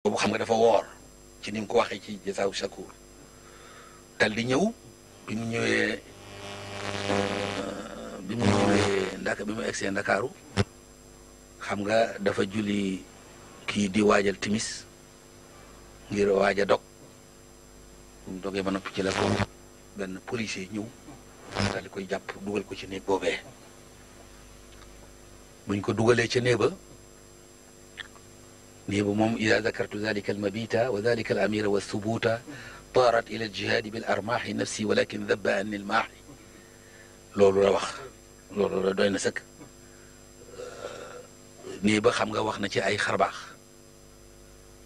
bobu xam nga dafa wor ci nim ko waxe ci jataaw sakuur dal di ñew bi mu ñëwee euh, bi mu ñëwee ndaka bi mu egsee ndakaaru xam nga dafa julli ki di waajal timis ngir waja dok bu mu ba nopi ci la ko ben policier ñew dal di koy japp dugal ko ci néeg bobé buñ ko duggalé ci néeg ba لهبمم إذا ذكرت ذلك المبيت وذلك الأمير والثبوت طارت إلى الجهاد بالأرماح نفسي ولكن ذب أني الماح لولو روخ لولو لو دوين سك آه، نيبا خمغا وخنا تي أي خرباخ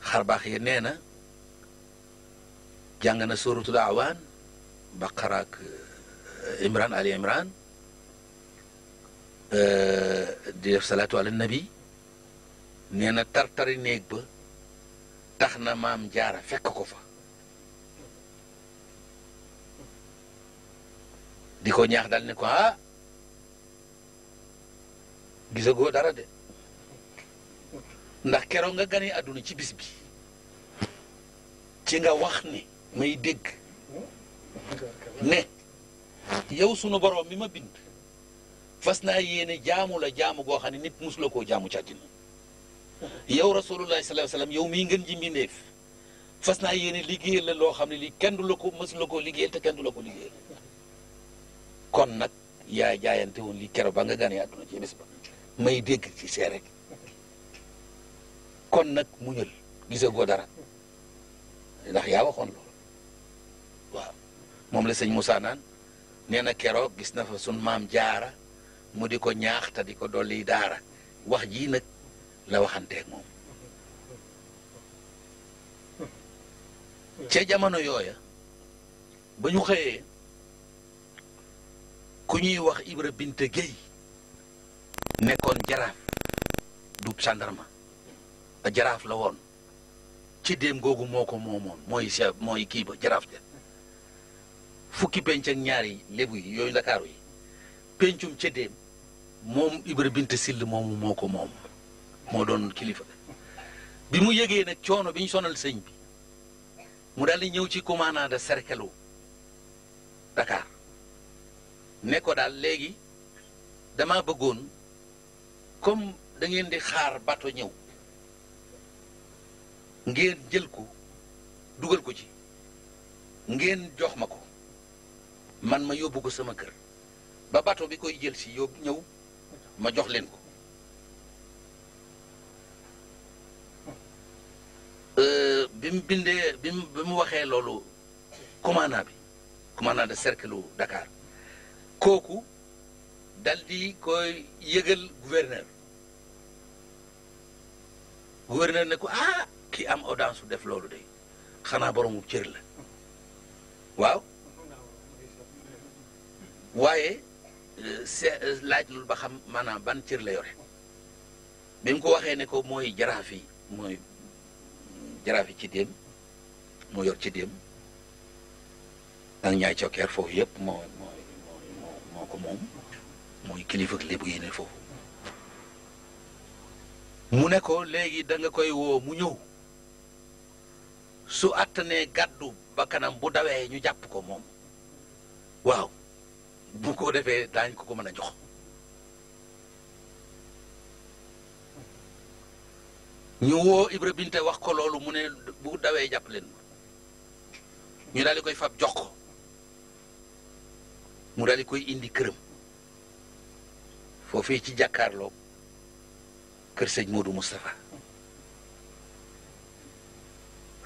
خرباخ ينينا جانغنا سورة الأعوان بقراك عمران آه، علي إمران آه، دير صلاة على النبي nee na tartari néeg ba tax na maam jaara fekk ko fa di ko ñaax dal ne ko ah gisagoo dara de ndax keroog nga gane àdduna ci bis bi ci nga wax ni may dégg ne yow sunu borom bi ma bind fas naa yéene jaamu la jaamu goo xam ne nit musu la koo jaamu ci àddina yow rasulullah sallallahu alayhi wa yow mii ngeen ji fas naa yéene liggéeyal la loo xam ne lii kenn du la ko mës la ko liggéeyal te kenn du la ko liggéeyal kon nag yaa jaayante woon lii keroog ba nga ganee ci bés ba may dégg ci rek kon nag muñal gisagoo dara ndax yaa waxoon loolu waaw moom la sëñ Moussa naan nee na keroog gis na fa sun maam jaara mu di ko ñaax te di ko dolli daara wax jii nag. la waxanteeg moom ca jamono yooya ba ñu xëyee ku ñuy wax Ibra bint Gueye nekkoon jaraaf du gendarme a jaraaf la woon ci déem googu moo ko moomoon mooy se mooy kii jaraaf ja fukki penc ak ñaari lébu yi yooyu ndakaaru yi pencum ca moom Ibra Binte Sill moomu moo ko moom moo doon kilifa bi mu yëgee nag coono bi ñu sonal sëñ bi mu daal di ñëw ci commandant de cercle Dakar ne ko daal léegi dama bëggoon comme da ngeen di xaar bato ñëw ngeen jël ko dugal ko ci ngeen jox ma ko man ma yóbbu ko sama kër ba bato bi koy jël si yóbbu ñëw ma jox leen ko bindee bi mu waxee loolu commandant bi commandant de cercle Dakar kooku dal di koy yëgal gouverneur gouverneur ne ko ah ki am audience su def loolu de xanaa boromu cër la waaw waaye euh, euh, laaj nul ba xam maanaam ban cër la yore bi mu ko waxee ne ko mooy jaraaf fii mooy jaraaf yi ci déem moo yor ci déem danga ñaay cokkeer foofu yëpp moo moo moo moo ko moom mooy kilifa ak lébu yéene foofu mu ne ko léegi da nga koy woo mu ñëw su àttanee gàddu ba kanam bu dawee ñu jàpp ko moom waaw bu ko defee daañ ko ko mën a jox ñu woo Ibra Binte wax ko loolu mu ne bu dawee jàpp leen ñu daal di koy fab jox mu daal di koy indi këram foofee ci jàkkaarloo kër sëñ Modou Moustapha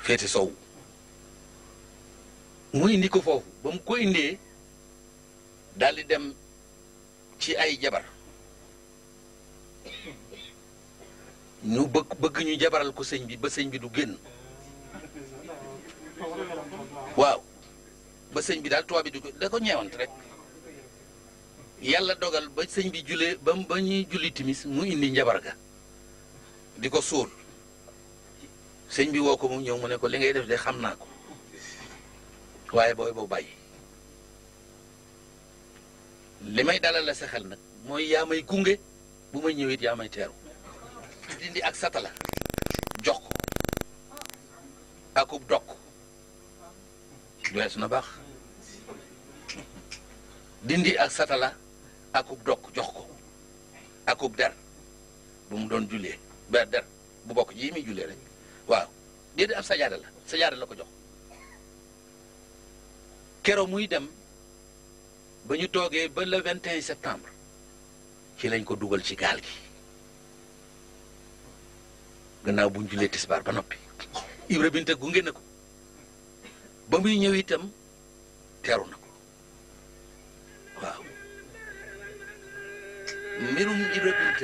féete sow mu indi ko foofu ba mu ko indee daal di dem ci ay jabar ñu bëgg bëgg ñu jabaral ko sëñ bi ba sëñ bi du génn waaw ba sëñ bi daal tubaab bi du ko da ko ñeewant rek yàlla dogal ba sëñ bi julee ba ba ñuy julli timis mu indi njabar ga di ko suul sëñ bi woo ko mu ñëw mu ne ko li ngay def de xam naa ko waaye booy boo bàyyi li may dalal la sa nag mooy yaa may gunge bu may ñëwit yaa may teeru fi dindi ak satala jox ko akub dokk dindi ak satala akub dokk jox ko akub der bu mu doon jullee ber der bu bokk ji muy jullee rek waaw déedéet ab sajaada la sajaada la ko jox kero muy dem ba ñu toogee ba le 21 septembre ci lañ ko dugal ci gaal gi gannaaw bu ñu tisbar ba nopi Ibra bint gunge na ko ba muy ñëw itam téru nako waaw mirum Ibra bint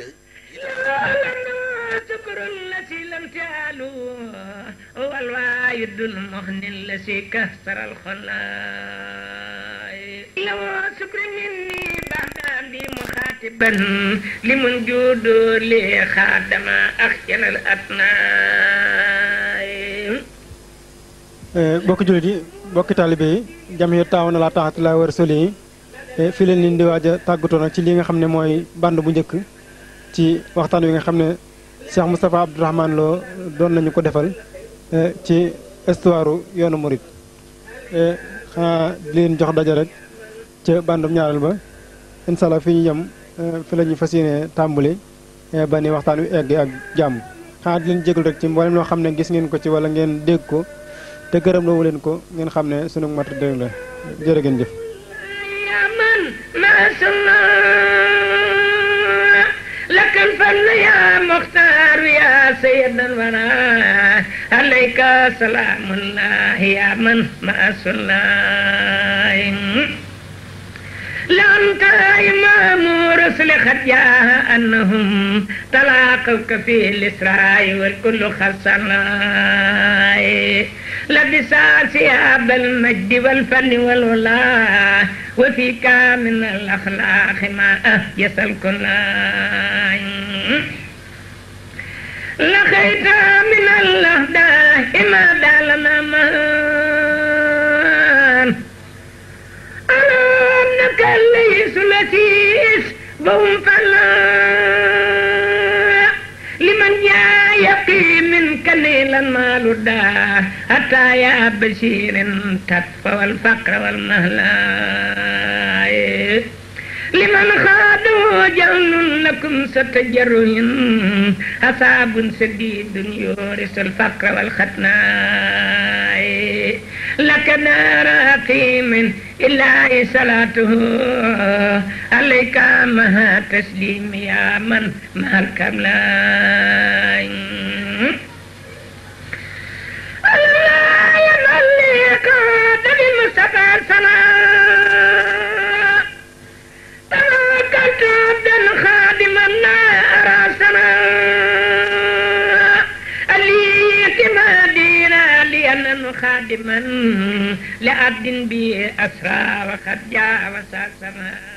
شكر لم تعلو والوايد كسر لو شكر مني بعد حاسبا eh, bokk jullit yi bokk taalibe yi Jamiu Taawun la taxat la wër soli yi eh, fii leen leen di a tàggatoo nag ci li nga xam ne mooy band bu njëkk ci waxtaan wi nga xam ne Cheikh Moustapha Abdourahmane doon nañu ko defal eh, ci histoire yoonu Mouride xanaa di jox daja rek ca bandum ñaareel ba incha fi ñu yem Eh, fi lañu fasiyene fas yéene tàmbali eh, ba ni waxtaan egg ak jam xanaa di leen jégalu rek ci mboolem loo xam ne gis ngeen ko ci wala ngeen dégg ko te gërëm loowu leen ko ngeen xam ne sunu mat dëgg la jërë ngeen jëf لك الفن يا مختار يا سيد الورى عليك سلام الله يا من ما سلام لأنك إمام رسل قد أنهم تلاقوك في الإسراء والكل خسرنا لبس ثياب المجد والفن والولاء وفيك من الأخلاق ما أهيس الكلام لقيت من الأهداء ما دالنا مهار تكليس لتيس بهم فلا لمن يا يقي من كليلا ما لدا حتى يا بشير تطفى والفقر والمهلا لمن خادوا جن لكم ستجرهم أصاب سديد يورث الفقر والختنا لك نار من إلهي صلاته عليك مع تسليم يا من مع الكملين الله ينليك بالمصطفى السلام خادما لعبد بي أسرى وقد جاء وساسما